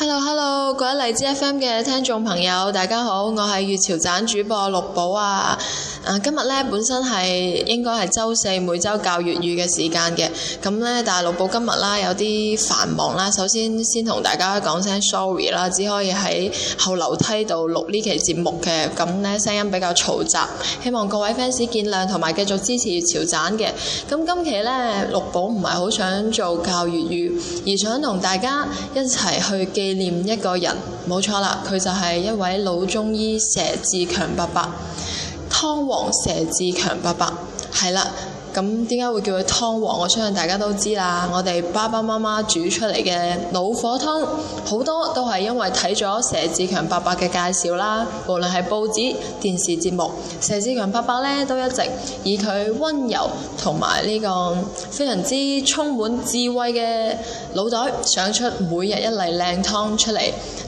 Hello，Hello，Hello，各位荔枝 FM 嘅聽眾朋友，大家好，我係粵潮盞主播陸寶啊。啊，今日咧本身係應該係週四每週教粵語嘅時間嘅，咁咧但係六寶今日啦有啲繁忙啦，首先先同大家講聲 sorry 啦，只可以喺後樓梯度錄呢期節目嘅，咁咧聲音比較嘈雜，希望各位 fans 見諒同埋繼續支持潮盞嘅。咁今期咧六寶唔係好想做教粵語，而想同大家一齊去紀念一個人，冇錯啦，佢就係一位老中醫佘自強伯伯。湯王佘自強伯伯，係啦，咁點解會叫佢湯王？我相信大家都知啦，我哋爸爸媽媽煮出嚟嘅老火湯，好多都係因為睇咗佘自強伯伯嘅介紹啦。無論係報紙、電視節目，佘自強伯伯呢都一直以佢溫柔同埋呢個非常之充滿智慧嘅腦袋，想出每日一例靚湯出嚟。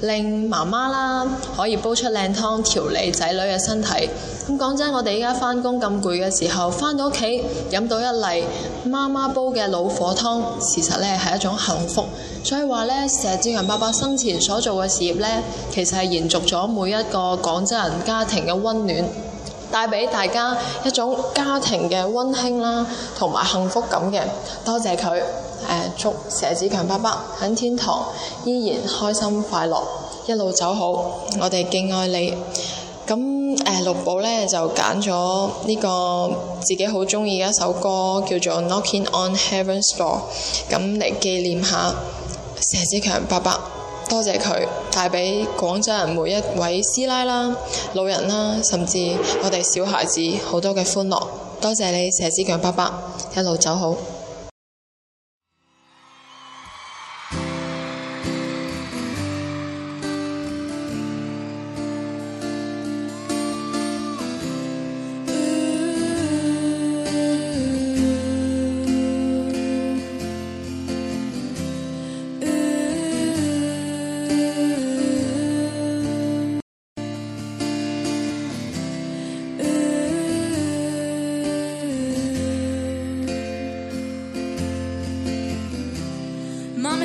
令媽媽啦，可以煲出靚湯，調理仔女嘅身體。咁講真，我哋而家返工咁攰嘅時候，返到屋企飲到一嚟媽媽煲嘅老火湯，其實咧係一種幸福。所以話咧，佘自強爸爸生前所做嘅事業咧，其實係延續咗每一個廣州人家庭嘅温暖。帶畀大家一種家庭嘅温馨啦，同埋幸福感嘅。多謝佢，誒祝佘自強爸爸喺天堂依然開心快樂，一路走好。我哋敬愛你。咁誒、呃，六寶咧就揀咗呢個自己好鍾意嘅一首歌，叫做《Knocking on Heaven's Door》，咁嚟紀念下佘自強爸爸。多謝佢帶畀廣州人每一位師奶啦、老人啦，甚至我哋小孩子好多嘅歡樂。多謝你佘自強伯伯，一路走好。